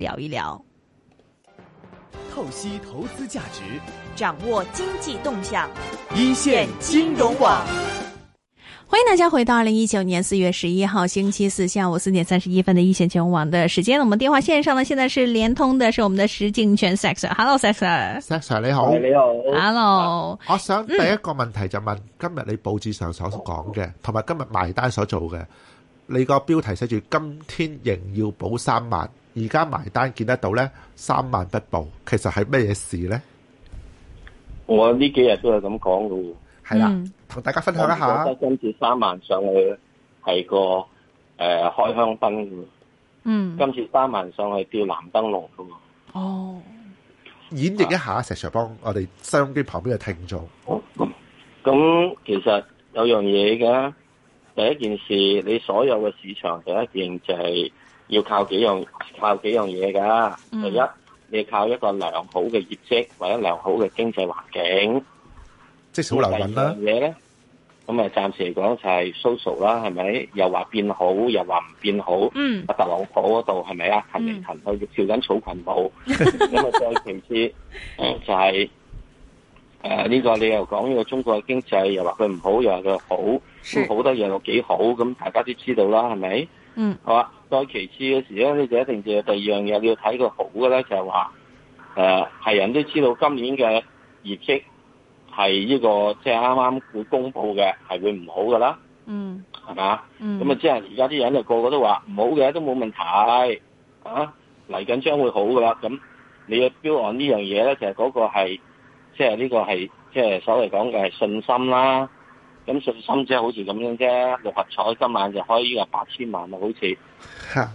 聊一聊，透析投資價值，掌握經濟動向，一線金融網，歡迎大家回到二零一九年四月十一號星期四下午四點三十一分的一線金融網的時間。我們電話線上呢，現在是聯通的，是我們的石鏡泉 Sir。Hello，Sir，Sir 你好，你好，Hello 我。我想第一個問題就問：今日你報紙上所講的，同埋、嗯、今日埋單所做嘅，你個標題寫住今天仍要補三萬。而家埋單見得到咧，三萬不報，其實係咩嘢事咧？我呢幾日都係咁講嘅，係啦、啊，同、嗯、大家分享一下。今次三萬上去係個誒、呃、開香檳嘅，嗯，今次三萬上去叫藍燈籠噶嘛？哦，演繹一下、啊、石 sir 幫我哋收音機旁邊嘅聽眾。咁咁，其實有樣嘢嘅，第一件事，你所有嘅市場第一件就係、是。要靠幾樣靠幾樣嘢噶，第、嗯、一你靠一個良好嘅業績，或者良好嘅經濟環境。即係草泥人啦。嘢咧，咁啊暫時嚟講就係 social 啦，係咪？又話變好，又話唔變好。嗯。阿特朗普嗰度係咪啊？行嚟行去跳緊草裙舞。咁、嗯、啊，再其次就係誒呢個你又講呢個中國嘅經濟又話佢唔好，又話佢好，好、嗯、多嘢又幾好，咁大家都知道啦，係咪？嗯。好啊。再其次嘅時咧，你就一定就第二樣嘢要睇佢好嘅咧，就係話，誒係人都知道今年嘅業績係呢個即係啱啱會公佈嘅，係會唔好噶啦。嗯。係嘛？咁啊，即係而家啲人就個個都話唔好嘅都冇問題啊，嚟緊將會好噶啦。咁你要標案呢樣嘢咧，其實嗰個係即係呢個係即係所謂講嘅係信心啦。咁信心即係好似咁樣啫，六合彩今晚就開呢個八千萬啊，好似吓，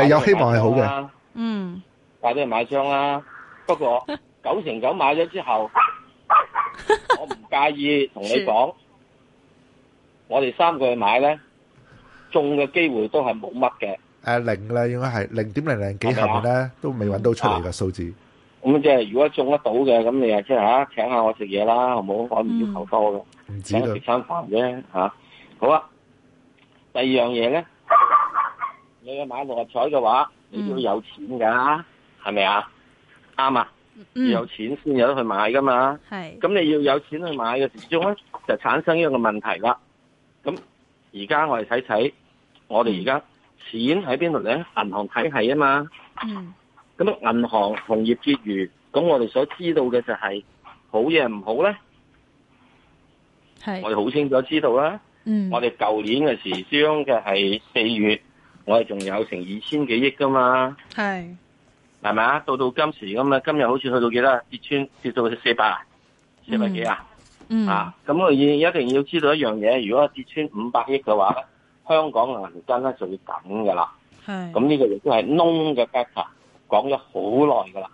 誒有希望係好嘅，嗯，快啲買張啦。不過九成九買咗之後，我唔介意同你講，我哋三個去買咧，中嘅機會都係冇乜嘅。誒零咧應該係零點零零幾下面咧都未搵到出嚟嘅數字。咁即係如果中得到嘅，咁你啊即係吓，請下我食嘢啦，好唔好？我唔要求多嘅。請食餐飯啫吓，好啊。第二樣嘢咧，你要買六合彩嘅話，你要有錢噶，係、嗯、咪啊？啱、嗯、啊，要有錢先有得去買噶嘛。係。咁你要有錢去買嘅，始終咧就產生一個問題啦。咁而家我哋睇睇，我哋而家錢喺邊度咧？銀行體系啊嘛。嗯。咁銀行同業結餘，咁我哋所知道嘅就係、是、好嘢唔好咧。係，我哋好清楚知道啦。嗯，我哋舊年嘅時，商嘅係四月，我哋仲有成二千幾億噶嘛。係，係咪啊？到到今時咁啊，今日好似去到幾多？跌穿跌到四百啊，四百幾啊。嗯。啊，咁、嗯嗯嗯、我亦一定要知道一樣嘢，如果跌穿五百億嘅話咧，香港嘅銀根咧就要緊噶啦。係。咁呢個亦都係窿嘅 factor，講咗好耐噶啦。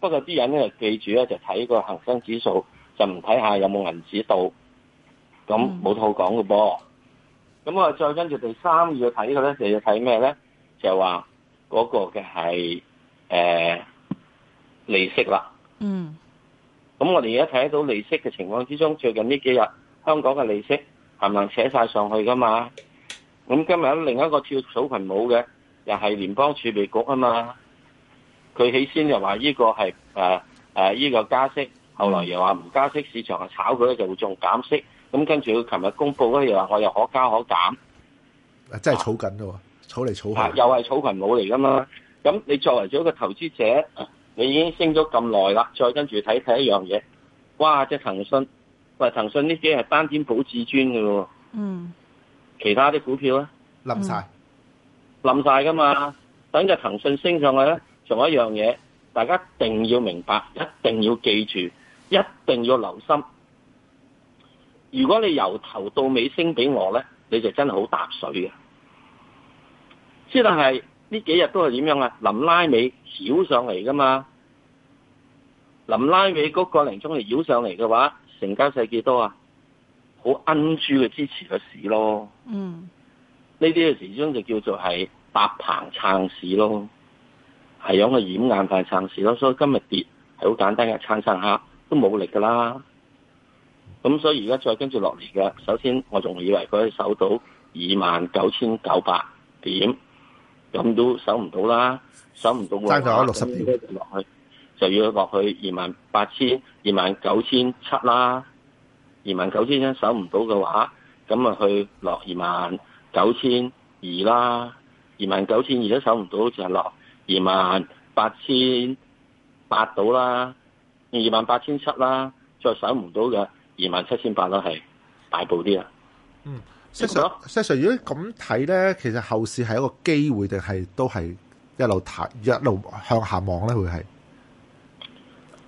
不過啲人咧記住咧，就睇個恒生指數，就唔睇下有冇銀紙到。咁冇套講嘅噃，咁我再跟住第三個要睇呢個咧，就要睇咩咧？就係話嗰個嘅係誒利息啦。嗯，咁我哋而家睇到利息嘅情況之中，最近呢幾日香港嘅利息係唔能扯曬上去㗎嘛？咁今日另一個跳草裙舞嘅又係聯邦儲備局啊嘛，佢起先就話呢個係誒誒呢個加息，後來又話唔加息，市場係炒佢咧就會仲減息。咁跟住佢琴日公布嗰又話我又可加可減，誒、啊，真係炒緊喎！草嚟草去、啊，又係草群冇嚟噶嘛？咁、啊、你作為咗個投資者，你已經升咗咁耐啦，再跟住睇睇一樣嘢，哇！隻騰訊，喂，騰訊呢啲係單天保至尊噶喎，嗯，其他啲股票咧，冧晒，冧晒噶嘛？等隻騰訊升上去咧，仲有一樣嘢，大家一定要明白，一定要記住，一定要留心。如果你由頭到尾升俾我咧，你就真係好搭水嘅。即係呢幾日都係點樣啊？臨拉尾繞上嚟噶嘛？臨拉尾嗰個零鐘係繞上嚟嘅話，成交勢幾多啊？好摁豬嘅支持個市咯。嗯。呢啲嘅時鐘就叫做係搭棚撐市咯，係咁嘅掩眼快撐市咯。所以今日跌係好簡單嘅撐撐下，都冇力噶啦。咁所以而家再跟住落嚟嘅，首先我仲以為佢守到二萬九千九百點，咁都守唔到啦，守唔到喎，差咗六十點就落去，就要落去二萬八千、二萬九千七啦，二萬九千一守唔到嘅話，咁啊去落二萬九千二啦，二萬九千二都守唔到就落二萬八千八到啦，二萬八千七啦，再守唔到嘅。二萬七千八啦，係大步啲啦、嗯。嗯，石 Sir 石 Sir，s 如果咁睇咧，其實後市係一個機會定係都係一路睇一路向下望咧，會係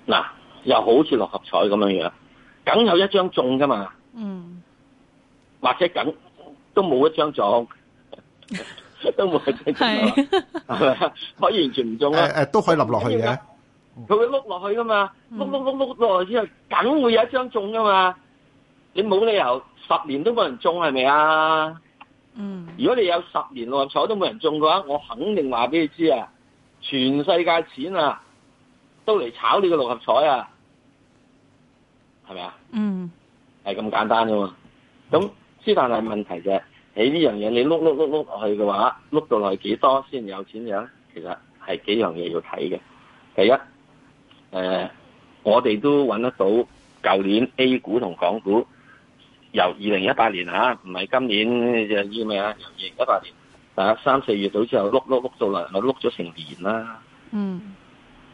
嗱，又好似六合彩咁樣樣，梗有一張中㗎嘛。嗯，或者梗都冇一張中，都冇一張中係咪，可以完全唔中誒誒、呃呃，都可以冧落去嘅。佢會碌落去噶嘛？碌碌碌碌落去之後，梗會有一張中噶嘛？你冇理由十年都冇人中係咪啊？嗯。如果你有十年六合彩都冇人中嘅話，我肯定話俾你知啊！全世界錢啊，都嚟炒你個六合彩啊，係咪啊？嗯。係咁簡單噶嘛？咁先但係問題嘅，你呢樣嘢你碌碌碌碌落去嘅話，碌到落去幾多先有錢嘅？其實係幾樣嘢要睇嘅。第一。誒、呃，我哋都揾得到。舊年 A 股同港股由二零一八年吓，唔、啊、係今年就要、是、咩啊？由二零一八年啊，三四月到之後碌碌碌到嚟，我碌咗成年啦。嗯，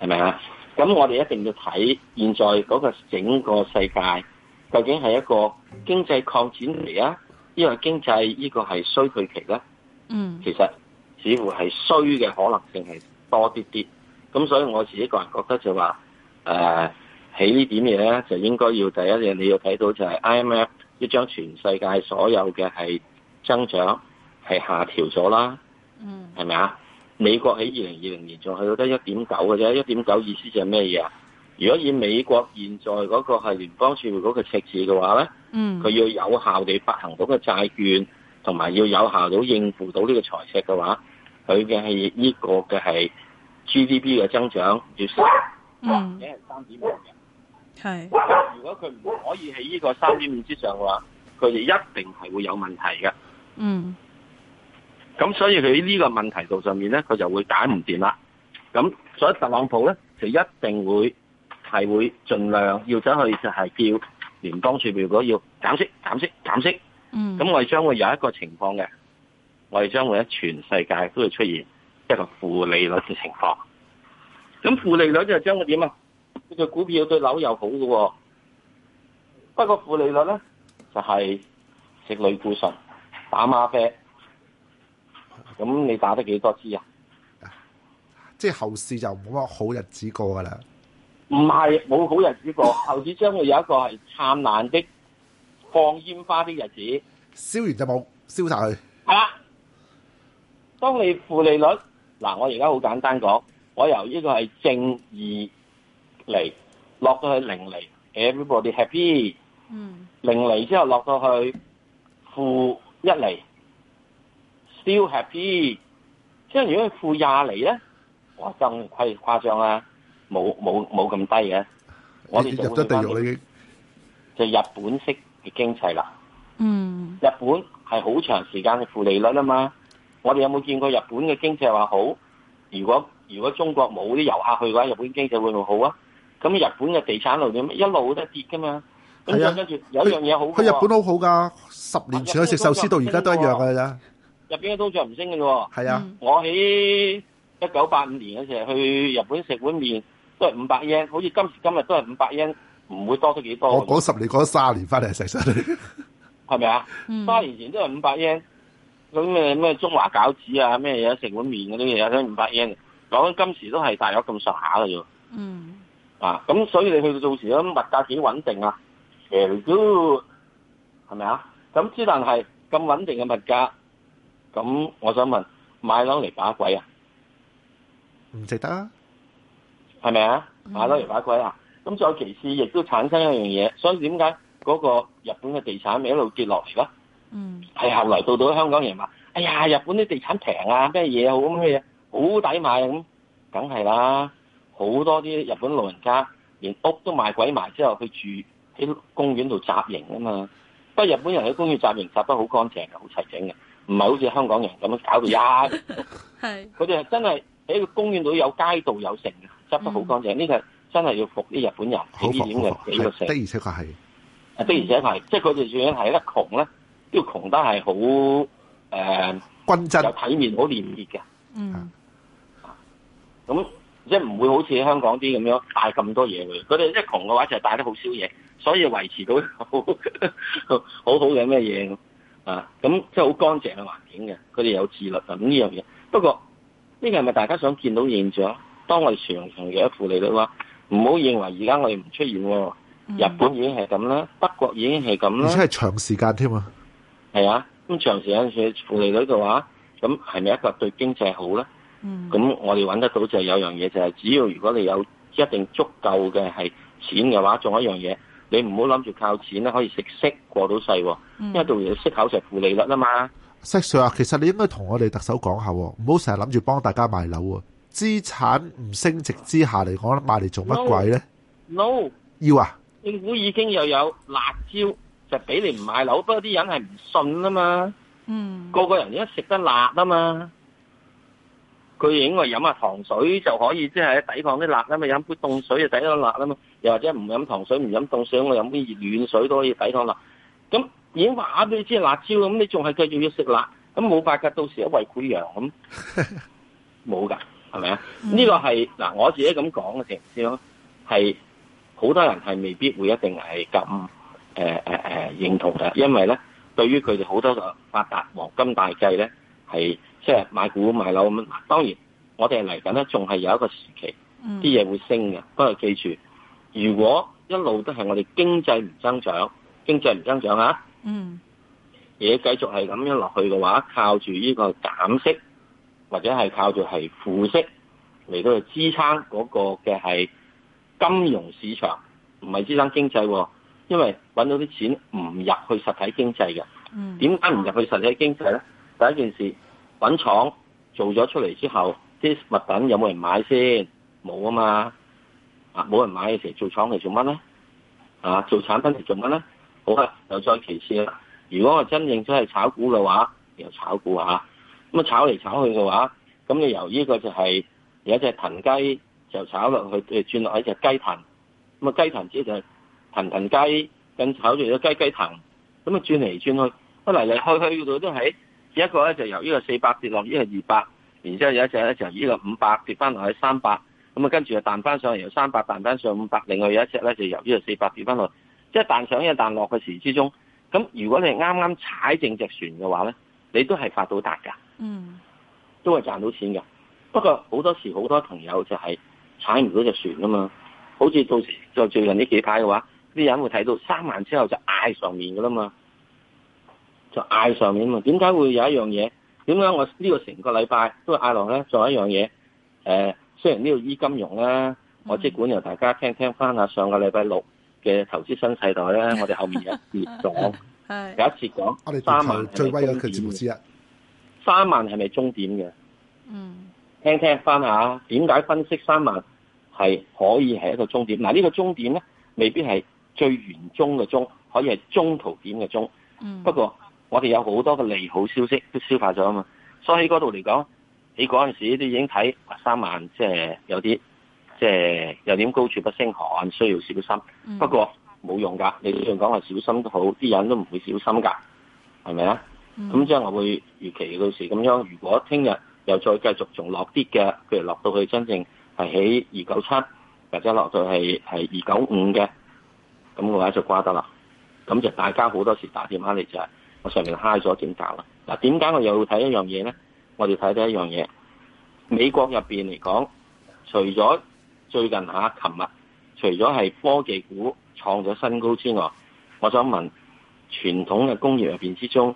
係咪啊？咁我哋一定要睇現在嗰個整個世界究竟係一個經濟擴展期啊，呢個經濟呢個係衰退期咧？嗯，其實似乎係衰嘅可能性係多啲啲。咁所以我自己個人覺得就話。誒、啊、起點呢點嘢咧，就應該要第一樣你要睇到就係 IMF 一張全世界所有嘅係增長係下調咗啦，嗯，係咪啊？美國喺二零二零年仲去到得一點九嘅啫，一點九意思就係咩嘢啊？如果以美國現在嗰個係聯邦儲備嗰個赤字嘅話咧，嗯，佢要有效地發行到嘅債券，同埋要有效到應付到呢個財赤嘅話，佢嘅係呢個嘅係 GDP 嘅增長要。嗯，俾人三點五嘅，係。如果佢唔可以喺呢個三點五之上嘅話，佢就一定係會有問題嘅。嗯。咁所以佢喺呢個問題度上面咧，佢就會解唔掂啦。咁所以特朗普咧就一定會係會盡量要走去就係叫聯邦儲備局要減息、減息、減息。咁、嗯、我哋將會有一個情況嘅，我哋將會喺全世界都會出現一個負利率嘅情況。咁負利率就將會點啊？對股票對樓又好嘅喎，啊，不過負利率咧就係、是、食類固醇打嗎啡。咁你打得幾多支啊？即係後市就冇乜好日子過噶啦。唔係冇好日子過，後市將會有一個係燦爛的放煙花的日子。燒完就冇，燒晒去。係啦，當你負利率嗱，我而家好簡單講。我由呢個係正二厘，落到去零厘 everybody happy。嗯，零厘之後落到去負一厘 still happy。即係如果佢負廿厘咧，哇真係誇誇張啊！冇冇冇咁低嘅。我哋入咗地獄咧，就日本式嘅經濟啦。嗯，日本係好長時間嘅負利率啊嘛。我哋有冇見過日本嘅經濟話好？如果如果中國冇啲遊客去嘅話，日本經濟會唔會好啊？咁日本嘅地產路點？一路都跌嘅嘛。係、啊、跟住有一樣嘢好、啊。佢日本都好噶，十年前的食壽司到而家都一樣嘅咋。入邊都漲唔清嘅啫。係、哦、啊，我喺一九八五年嗰時候去日本食碗麵都係五百 yen 好似今時今日都係五百 yen 唔會多得幾多。我十年講咗三年翻嚟，食晒，係 咪啊、嗯？三年前都係五百 yen，嗰咩咩中華餃子啊，咩嘢食碗麵嗰啲嘢都係五百 yen 講緊今時都係大約咁上下嘅啫。嗯，啊，咁所以你去到到時咁物價幾穩定啊，其實都係咪啊？咁只但係咁穩定嘅物價，咁我想問，買樓嚟把鬼啊？唔值得啊？係咪啊？買樓嚟把鬼啊？咁、嗯、再有其次亦都產生一樣嘢，所以點解嗰個日本嘅地產咪一路跌落嚟咯？嗯，係、哎、後來到到香港人話，哎呀，日本啲地產平啊，咩嘢好咁咩嘢？好抵買咁，梗係啦！好多啲日本老人家連屋都賣鬼埋之後，去住喺公園度紮營啊嘛。不過日本人喺公園紮營紮得好乾淨好齊整嘅，唔係好似香港人咁樣搞到呀。係，佢哋係真係喺個公園度有街道、有城嘅，執得好乾淨。呢、嗯呢個真係要服啲日本人。好幾個係。的而且確係，的而且確係，即係佢哋算係得窮咧，都要窮得係好誒均質又體面，好廉潔嘅。嗯。嗯。咁即係唔會好似香港啲咁樣帶咁多嘢嘅，佢哋即窮嘅話，就係帶得好少嘢，所以維持到呵呵好好嘅咩嘢啊？咁、啊、即係好乾淨嘅環境嘅，佢哋有自律咁呢樣嘢，不過呢個係咪大家想見到現象？當我哋長長嘅負利率嘅話，唔好認為而家我哋唔出現喎，日本已經係咁啦，德國已經係咁啦，你真係長時間添啊？係啊，咁長時間嘅負利率嘅話，咁係咪一個對經濟好咧？咁、嗯、我哋揾得到就係有樣嘢就係，是，只要如果你有一定足夠嘅係錢嘅話，仲有一樣嘢，你唔好諗住靠錢咧可以食息過到世，啊嗯，因為到時息口成負利率啊嘛。石 Sir 啊，其實你應該同我哋特首講下，唔好成日諗住幫大家買樓喎，資產唔升值之下嚟講，買嚟做乜鬼咧 no,？No，要啊！政府已經又有辣椒，就俾，是、你唔買樓，不過啲人係唔信啊嘛。嗯，個個人而家食得辣啊嘛。佢影我飲下糖水就可以，即係抵抗啲辣啦嘛。飲杯凍水就抵到辣啦嘛。又或者唔飲糖水，唔飲凍水，我飲啲熱暖水都可以抵抗那辣。咁已經話俾你知辣椒咁，那你仲係繼續要食辣，咁冇法㗎，到時胃潰瘍咁，冇㗎，係咪啊？呢 個係嗱，我自己咁講嘅情況，係好多人係未必會一定係咁誒誒誒認同嘅，因為咧，對於佢哋好多個發達黃金大計咧，係。即係買股買樓咁樣，當然我哋係嚟緊咧，仲係有一個時期啲嘢會升嘅、嗯。不過記住，如果一路都係我哋經濟唔增長，經濟唔增長啊，嘢、嗯、繼續係咁樣落去嘅話，靠住呢個減息或者係靠住係負息嚟到去支撐嗰個嘅係金融市場，唔係支撐經濟、啊，因為搵到啲錢唔入去實體經濟嘅。點解唔入去實體經濟咧、嗯嗯？第一件事。搵廠做咗出嚟之後，啲物品有冇人買先？冇啊嘛，啊冇人買嘅時候做廠嚟做乜咧？啊做產品嚟做乜咧？好啦、啊，又再其次啦。如果我真正真係炒股嘅話，又炒股吓、啊。咁啊炒嚟炒去嘅話，咁你由呢個就係有一隻騰雞就炒落去，轉轉落去一隻雞騰，咁啊雞騰之後就騰騰雞，咁炒住咗雞雞騰，咁啊轉嚟轉去，一嚟嚟去去到度都係。第一個咧就由呢個四百跌落呢個二百，然之後有一隻咧就由呢個五百跌翻落去三百，咁啊跟住就彈翻上嚟，由三百彈翻上五百，另外有一隻咧就由呢個四百跌翻落，即係彈上一彈落嘅時之中，咁如果你係啱啱踩正隻船嘅話咧，你都係發到達㗎，嗯，都係賺到錢㗎。不過好多時好多朋友就係踩唔到隻船啊嘛，好似到就最近呢幾排嘅話，啲人會睇到三萬之後就嗌上面㗎啦嘛？就嗌上面嘛？點解會有一樣嘢？點解我個個呢個成個禮拜都嗌落咧？仲有一樣嘢，雖然呢度醫金融咧、啊，我即管由大家聽聽翻下上個禮拜六嘅投資新世代咧，啊、 我哋後面一跌講，有一次講三萬係最威嘅點之一，三萬係咪終點嘅？嗯，是是 聽聽翻下點解分析三萬係可以係一個終點？嗱、啊，呢、呢個終點咧，未必係最圓中嘅終，可以係中途點嘅終。不過。 我哋有好多嘅利好消息都消化咗啊嘛，所以喺嗰度嚟講，喺嗰陣時都已經睇三萬，即係有啲即係有點高處不勝寒，需要小心。不過冇用㗎，你仲講話小心都好，啲人都唔會小心㗎，係咪啊？咁即係我會預期到時咁樣，如果聽日又再繼續仲落啲嘅，譬如落到去真正係喺二九七，或者落到係係二九五嘅，咁嘅話就瓜得啦。咁就大家好多時打電話嚟就係。我上面 high 咗點搞啦？嗱，點解我又要睇一樣嘢咧？我哋睇第一樣嘢。美國入面嚟講，除咗最近嚇，琴日除咗係科技股創咗新高之外，我想問傳統嘅工業入面之中，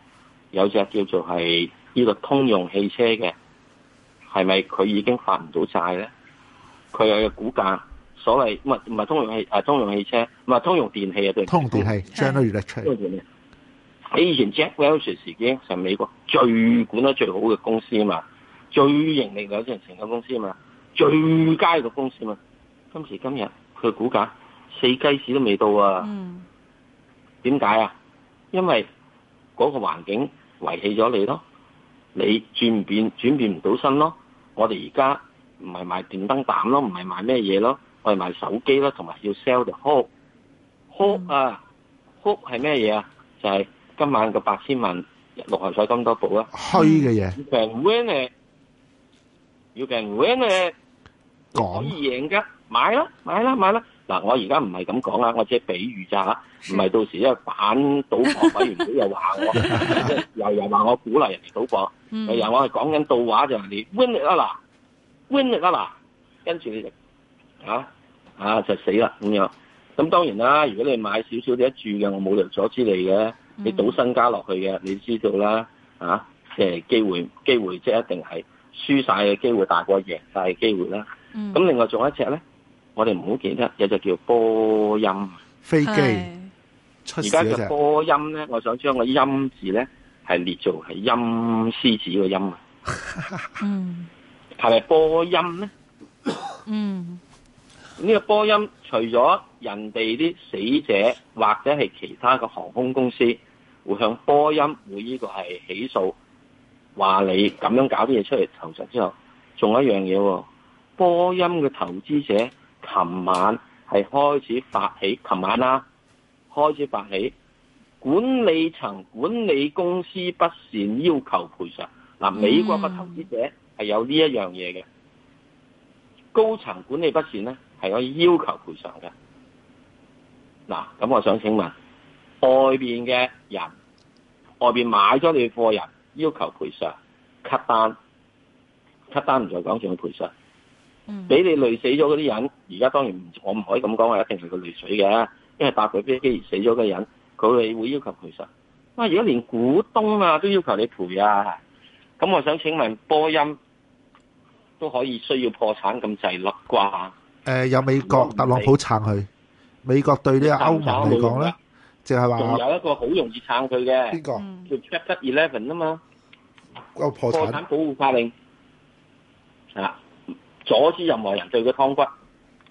有隻叫做係呢個通用汽車嘅，係咪佢已經發唔到債咧？佢有個股價，所謂物唔係通用汽啊，通用汽車唔係通用電器啊，對通用電器將都你以前 Jack Welch 時間係美國最管得最好嘅公司啊嘛，最盈利嘅有錢成功公司啊嘛，最佳嘅公司啊嘛，今時今日佢股價四雞市都未到啊，點解啊？因為嗰個環境遺棄咗你，你轉轉不咯，不咯，你轉變轉變唔到身咯。我哋而家唔係賣電燈膽咯，唔係賣咩嘢咯，我哋賣手機啦，同埋要 sell the call call 啊 call 係咩嘢啊？就係、是。今晚個八千萬六合彩金多寶啊，虛嘅嘢。要平 You can win it. You can win it. 講。可以贏㗎，買,買,買啦，買啦，買啦。嗱，我而家唔係咁講啊，我只係比喻咋嚇。唔係到時因為反賭博委員會又話我， 又又話我鼓勵人哋賭博， 又,又我係講緊倒話就係、是、你 win it 嗱，win it 嗱，跟住你就啊啊就死啦咁樣。咁當然啦，如果你買少少你一注嘅，我冇力阻止你嘅。你賭身家落去嘅，你知道啦，即、啊、係機會機會即係一定係輸曬嘅機會大過贏曬嘅機會啦。咁、嗯、另外仲有一隻咧，我哋唔好記得有隻叫波音飛機出事嗰隻。而家嘅波音咧，我想將個音字咧係列做係陰獅子個音啊。嗯，係咪波音咧？嗯，呢、呢個波音除咗人哋啲死者或者係其他嘅航空公司。會向波音會呢個係起訴，話你咁樣搞啲嘢出嚟，投訴之後，仲有一樣嘢喎。波音嘅投資者琴晚係開始發起，琴晚啦、啊、開始發起，管理層、管理公司不善要求賠償。嗱，美國嘅投資者係有呢一樣嘢嘅，高層管理不善呢係可以要求賠償嘅。嗱、啊，咁我想請問。外邊嘅人，外邊買咗你貨人要求賠償 cut 單，cut 單唔再講，仲要賠償，俾、嗯、你累死咗嗰啲人，而家當然我唔可以咁講，係一定係個累水嘅，因為搭佢飛機死咗嘅人，佢係會要求賠償。哇，而家連股東啊都要求你賠啊，咁我想請問波音都可以需要破產咁滯甩啩？誒、呃，有美國特朗普撐佢，美國對個歐呢、呃、國國對個歐盟嚟講咧？呃就仲，是，有一個好容易撐佢嘅呢，啊、叫 Chapter Eleven 啊嘛，破、破產保護法令啊，阻止任何人對佢劏骨。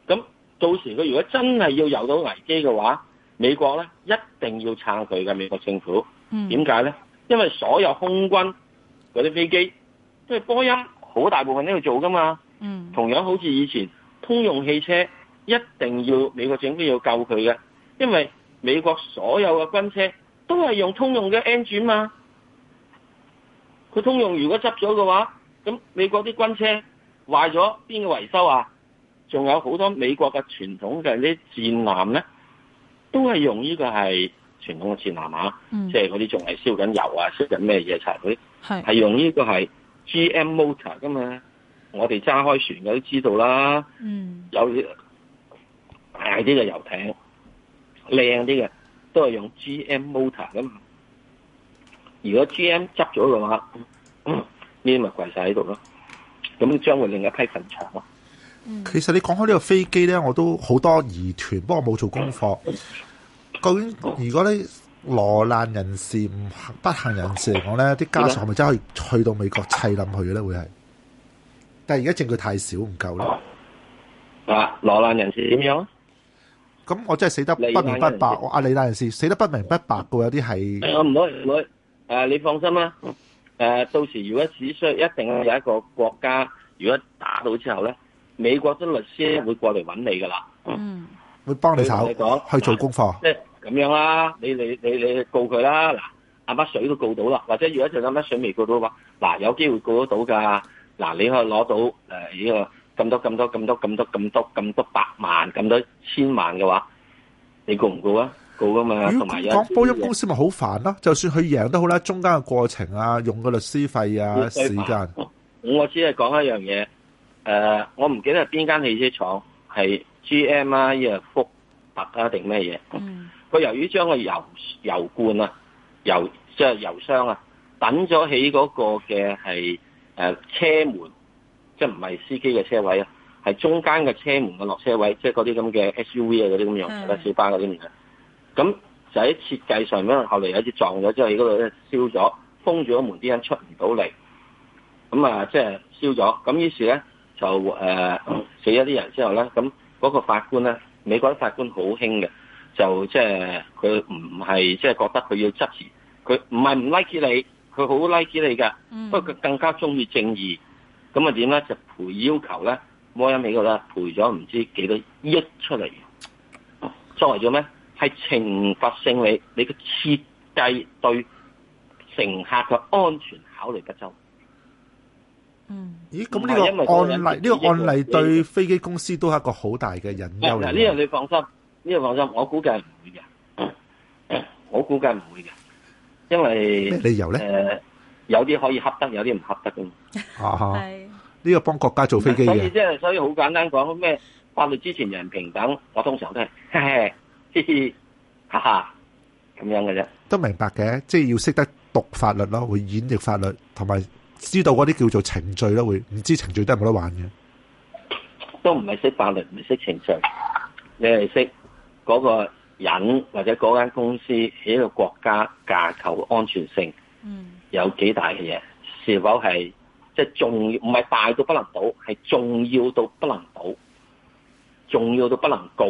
咁到時佢如果真係要有到危機嘅話，美國咧一定要撐佢嘅美國政府。點解咧？因為所有空軍嗰啲飛機，因為波音好大部分都要做噶嘛。嗯，同樣好似以前通用汽車一定要美國政府要救佢嘅，因為，美國所有嘅軍車都係用通用嘅 engine 嘛？佢通用如果執咗嘅話，咁美國啲軍車壞咗邊個維修啊？仲有好多美國嘅傳統嘅啲戰艦咧，都係用呢個係傳統嘅戰艦啊，即係啲仲係燒緊油啊，燒緊咩嘢柴油？係係用呢個係 GM motor 噶嘛？我哋揸開船嘅都知道啦，嗯，有啲大啲嘅遊艇。靚啲嘅，都係用 G M motor 噶嘛。如果 G M 執咗嘅話，呢啲咪跪晒喺度咯。咁將會另一批墳場咯、嗯。其實你講開呢個飛機咧，我都好多疑團，不過冇做功課。究竟如果啲羅難人士唔不幸人士嚟講咧，啲家屬係咪真係可以去到美國砌冧去嘅咧？會係？但係而家證據太少，唔夠咯。嗱、啊，羅難人士點樣、啊？咁我真係死得不明不白，我阿李大律師死得不明不白嘅，有啲係。我唔好唔好，誒你放心啦，誒到時如果史上一定係有一個國家，如果打到之後咧，美國啲律師會過嚟揾你嘅啦，會幫你炒，去做功課。即係咁樣啦，你你你你告佢啦，嗱阿乜水都告到啦，或者如果仲有乜水未告到嘅話，嗱有機會告得到㗎，嗱你可以攞到誒呢個。咁多咁多咁多咁多咁多咁多百萬咁多千萬嘅話，你告唔告啊？告噶嘛？同埋講波音公司咪好煩咯，就算佢贏都好啦，中間嘅過程啊，用嘅律師費啊，時間。我只係講一樣嘢，誒、呃、我唔記得係邊間汽車廠係 G M 啊、福特啊定咩嘢？嗯。佢由於將個油油罐啊、油即係、就是、油箱啊，等咗起嗰個嘅係誒車門。即係唔係司機嘅車位啊，係中間嘅車門嘅落車位，即係嗰啲咁嘅 SUV 啊嗰啲咁樣，或者小巴嗰啲咁就喺設計上面，後嚟有一次撞咗之後，喺嗰度咧燒咗，封住咗門，啲人出唔到嚟。咁啊，即係燒咗。咁於是咧就誒、呃、死咗啲人之後咧，咁、那、嗰個法官咧，美國法官好興嘅，就即係佢唔係即係覺得佢要質疑，佢唔係唔 like 你，佢好 like 你㗎、嗯。不過佢更加中意正義。咁啊點咧？就賠要求咧，摩音美國咧賠咗唔知幾多億出嚟。作為咗咩？係懲罰性，你你嘅設計對乘客嘅安全考慮不周。嗯，咦？咁呢個案例呢個、這個案例對飛機公司都係一個好大嘅引誘嚟。嗱、哎、呢、這、樣、個、你放心，呢、這、樣、個、放心，我估計唔會嘅、哎。我估計唔會嘅，因為咩理由咧、呃？有啲可以恰得，有啲唔恰得嘅。嘛 呢個幫國家做飛機嘅，所以所以好簡單講咩法律之前人人平等，我通常都係，嘻嘻哈哈咁樣嘅啫。都明白嘅，即係要識得讀法律咯，會演繹法律，同埋知道嗰啲叫做程序咯，會唔知程序都係冇得玩嘅。都唔係識法律，唔識程序，你係識嗰個人或者嗰間公司喺個國家架構安全性有幾大嘅嘢，是否係？即係重要，唔係大到不能倒，係重要到不能倒，重要到不能告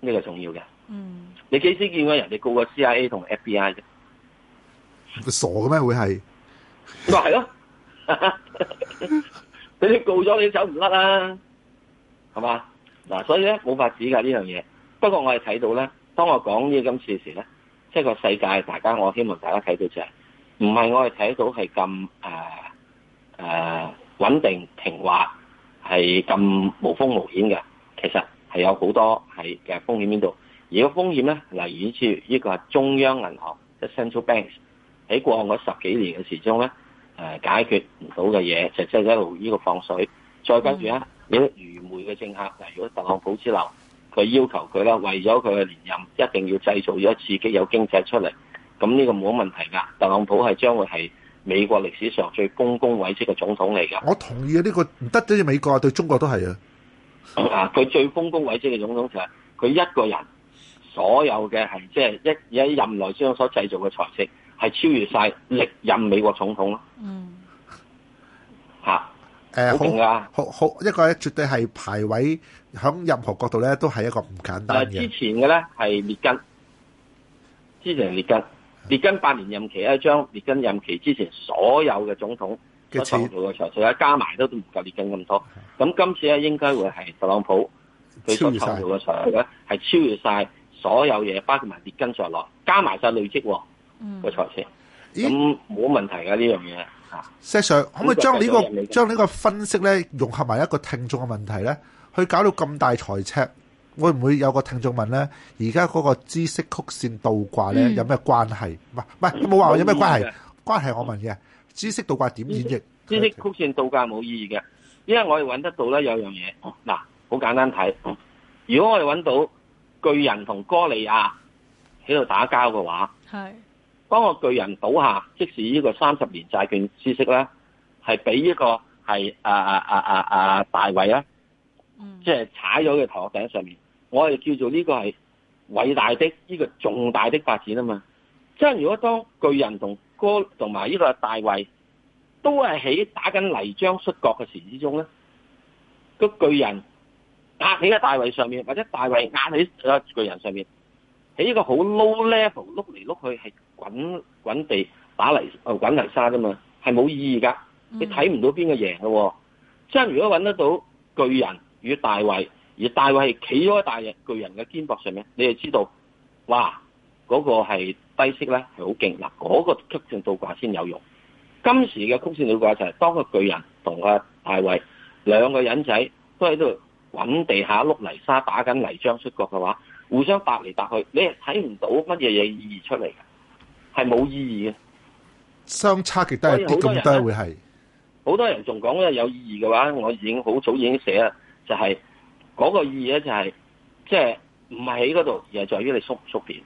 呢個重要嘅。嗯，你幾時見過人哋告個 CIA 同 FBI 啫？佢傻嘅咩？會係？咪係咯，畀你告咗你走唔甩啦，係嘛，嗱，所以咧冇法子㗎呢樣嘢。不過我哋睇到咧，當我講呢今次時咧，即係個世界，大家我希望大家睇到就係唔係我哋睇到係咁誒。呃誒穩定平滑係咁無風無險嘅，其實係有好多係嘅風險邊度。而個風險咧，例如好似呢個中央銀行即係 central banks 喺過去嗰十幾年嘅時中咧，解決唔到嘅嘢，就即、是、係一路呢個放水。再跟住咧，如、嗯、果愚昧嘅政客，如果特朗普之流，佢要求佢咧為咗佢嘅連任，一定要製造咗刺激有經濟出嚟，咁呢個冇問題㗎。特朗普係將會係。美國歷史上最豐功偉績嘅總統嚟㗎，我同意啊！呢、這個唔得啫，美國啊，對中國都係啊。啊、嗯，佢最豐功偉績嘅總統就係、是、佢一個人，所有嘅係即係一一任內之所製造嘅財政，係超越晒歷任美國總統咯。嗯。吓、啊，誒、嗯，好啊，好好一個絕對係排位，響任何角度咧都係一個唔簡單的、嗯、之前嘅咧係列根，之前列根。列根八年任期一張，將列根任期之前所有嘅總統嘅籌票嘅財赤加埋都都唔夠列根咁多。咁今次咧應該會係特朗普佢所籌票嘅財赤咧，係超越晒所有嘢，包括埋列根在內，加埋晒累積嘅財赤，嗯。咦，冇問題㗎呢樣嘢。石 Sir，可唔可以將呢，呢個將呢個分析咧融合埋一個聽眾嘅問題咧，去搞到咁大財赤？會唔會有個聽眾問咧？而家嗰個知識曲線倒掛咧，有咩關係？唔係唔係，冇話我有咩關係？關係我問嘅知識倒掛點演繹？知識曲線倒掛冇意義嘅，因為我哋揾得到咧有樣嘢，嗱，好簡單睇。如果我哋揾到巨人同哥利亞喺度打交嘅話，係當個巨人倒下，即使呢個三十年債券知識咧，係俾呢個係啊啊啊啊啊大衛咧，即係踩咗佢頭頂上面。我哋叫做呢個係偉大的呢個重大的發展啊嘛！即係如果當巨人同哥同埋呢個大衛都係喺打緊泥漿摔角嘅時之中咧，個巨人壓起喺大衛上面，或者大衛壓喺巨人上面，喺呢個好 low level 碌嚟碌去係滾滾地打泥哦，滾泥沙啫嘛，係冇意義噶，你睇唔到邊個贏嘅喎！即係如果揾得到巨人與大衛。而大衛企咗喺大巨人嘅肩膊上面，你就知道，哇，嗰、嗰個係低息咧，係好勁嗱，嗰個曲線倒掛先有用。今時嘅曲線倒掛就係、係、當個巨人同阿大衛兩個人仔都喺度滾地下碌泥沙打緊泥漿出角嘅話，互相搭嚟搭去，你係睇唔到乜嘢嘢意義出嚟嘅，係冇意義嘅。相差極都係咁，點解會係？好多人仲講咧有意義嘅話，我已經好早已經寫啦，就係、係。嗰個意義咧就係，即係唔係喺嗰度，而係在於你縮唔縮表。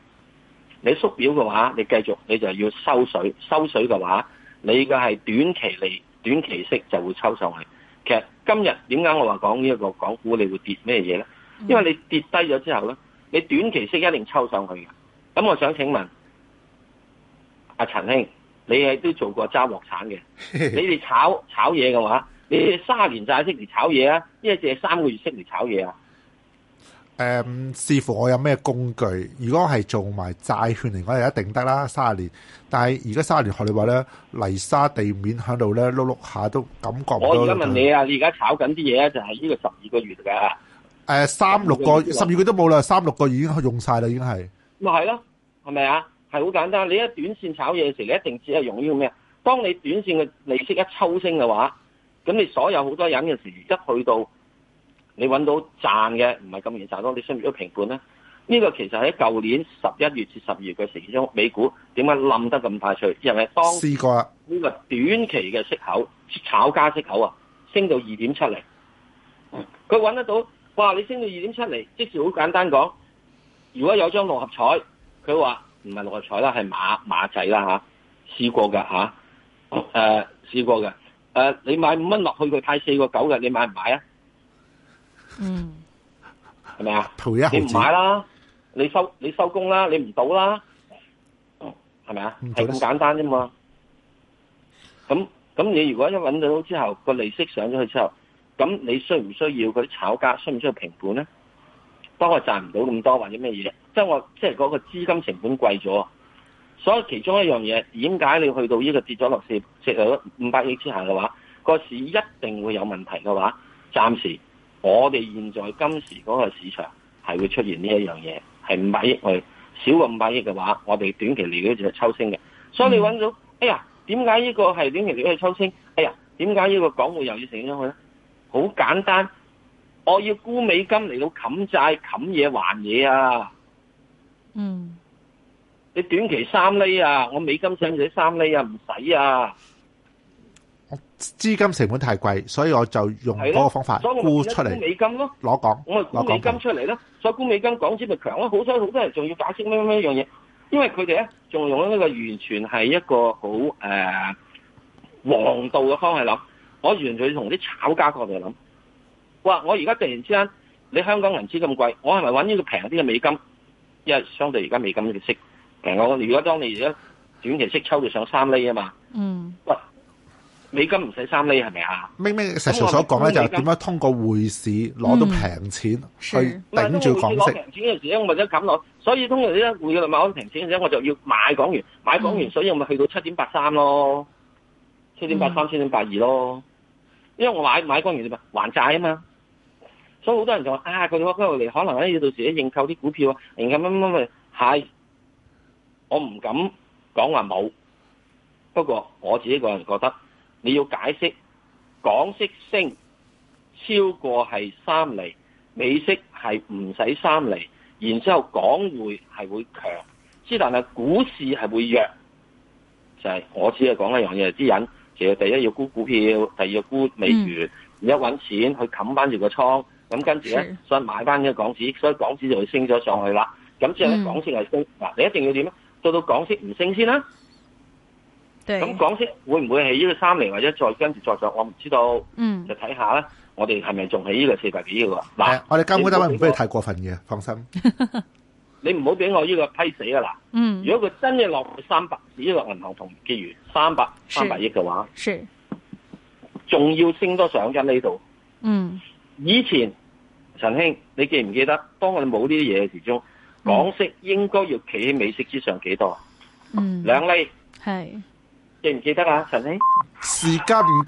你縮表嘅話，你繼續你就要收水，收水嘅話，你嘅係短期嚟短期息就會抽上去。其實今日點解我話講呢一個港股你會跌咩嘢咧？因為你跌低咗之後咧，你短期息一定抽上去嘅。咁我想請問阿陳兄，你係都做過揸鑊鏟嘅，你哋炒炒嘢嘅話？你三十年債息嚟炒嘢啊！一借三個月息嚟炒嘢啊！誒、嗯，視乎我有咩工具。如果係做埋債券嚟講，係一定得啦。三十年，但係而家三十年學你話咧，泥沙地面喺度咧碌碌下都感覺唔到。我而家問你啊，你而家炒緊啲嘢咧，就係呢個十二個月㗎？誒、嗯，三六個月十二個，個都冇啦，三六個月已經用晒啦，已經係。咪係咯，係咪啊？係好簡單。你一短線炒嘢嘅時候，你一定只係用呢個咩？當你短線嘅利息一抽升嘅話。咁你所有好多人嘅時一去到，你到，你揾到賺嘅，唔係咁易賺多，你需唔需要評判咧？呢、呢個其實喺舊年十一月至十二月嘅時，績中，美股點解冧得咁快脆？又係當呢個短期嘅息口炒加息口啊，升到二點七釐。佢揾得到，哇！你升到二點七釐，即是好簡單講。如果有張六合彩，佢話唔係六合彩啦，係馬，馬仔啦嚇、啊。試過㗎、啊呃、試過嘅。誒，你買五蚊落去，佢派四個九嘅，你買唔買啊？嗯，係咪啊？你唔買啦，你收你收工啦，你唔到啦，哦，係咪啊？係、嗯、咁簡單啫嘛。咁咁，那你如果一揾到之後個利息上咗去之後，咁你需唔需要嗰啲炒家需唔需要評判咧？我賺不過賺唔到咁多或者咩嘢，即係我即係個資金成本貴咗。所以其中一樣嘢，點解你去到呢個跌咗落市，跌到五百億之下嘅話，個市一定會有問題嘅話，暫時我哋現在今時嗰個市場係會出現呢一樣嘢，係五百億去少過五百億嘅話，我哋短期嚟講就係抽升嘅。所以你揾到、嗯哎，哎呀，點解呢個係短期嚟講係抽升？哎呀，點解呢個港匯又要成咗佢去？好簡單，我要沽美金嚟到冚債冚嘢還嘢啊！嗯。你短期三厘啊，我美金使唔使三厘啊？唔使啊，資金成本太貴，所以我就用嗰個方法，所以我沽出嚟美金咯，攞港，我沽美金出嚟咯，所以沽美金港紙咪強咯。好彩好多人仲要解釋咩咩樣嘢，因為佢哋咧仲用咗一個完全係一個好誒黃道嘅方式諗，我完全同啲炒家角度嚟諗，哇！我而家突然之間你香港銀紙咁貴，我係咪揾呢個平啲嘅美金？因為相對而家美金嘅息。誒，我如果當你而家短期息抽到上三厘啊嘛，嗯，美金唔使三厘係咪啊？咩咩？石 sir 所講咧，就點樣通過匯市攞到平錢頂住港息、嗯嗯嗯、拿平錢去頂住港息？平錢嗰時候，我或者冚落，所以通常呢個匯嘅買賣平錢嘅時候，我就要買港元，買港元，所以我咪去到七點八三咯，七點八三，千、點八二咯，因為我買買港元點啊，還債啊嘛，所以好多人就話啊，佢話翻落嚟可能咧要到時咧認購啲股票啊，然咁樣乜咪下。」我唔敢講話冇，不過我自己個人覺得，你要解釋港息升超過係三厘，美息係唔使三厘，然之後港匯係會強，之但係股市係會弱，就係、是、我只係講一樣嘢，啲引，其實第一要沽股票，第二要沽美元，而家搵錢去冚翻住個倉，咁跟住咧，所以買翻嘅港紙，所以港紙就會升咗上去啦。咁之後咧，港息係升，嗱你一定要點咧？到到港息唔升先啦，啊，咁港息會唔會係呢個三年或者再跟住再上？我唔知道，嗯，就睇下啦。我哋係咪仲喺呢個四百幾億？嗱，我哋監管得單位唔會太過分嘅，放心。你唔好俾我呢個批死啊！嗱，嗯，如果佢真嘅落三百，只呢落銀行同結餘三百三百億嘅話，是，仲要升多上一呢度。嗯，以前陳卿，你記唔記得？當我哋冇呢啲嘢嘅時，鐘。嗯、港式應該要企喺美式之上幾多啊？嗯，兩厘，係，記唔記得啊陳生？時間唔夠。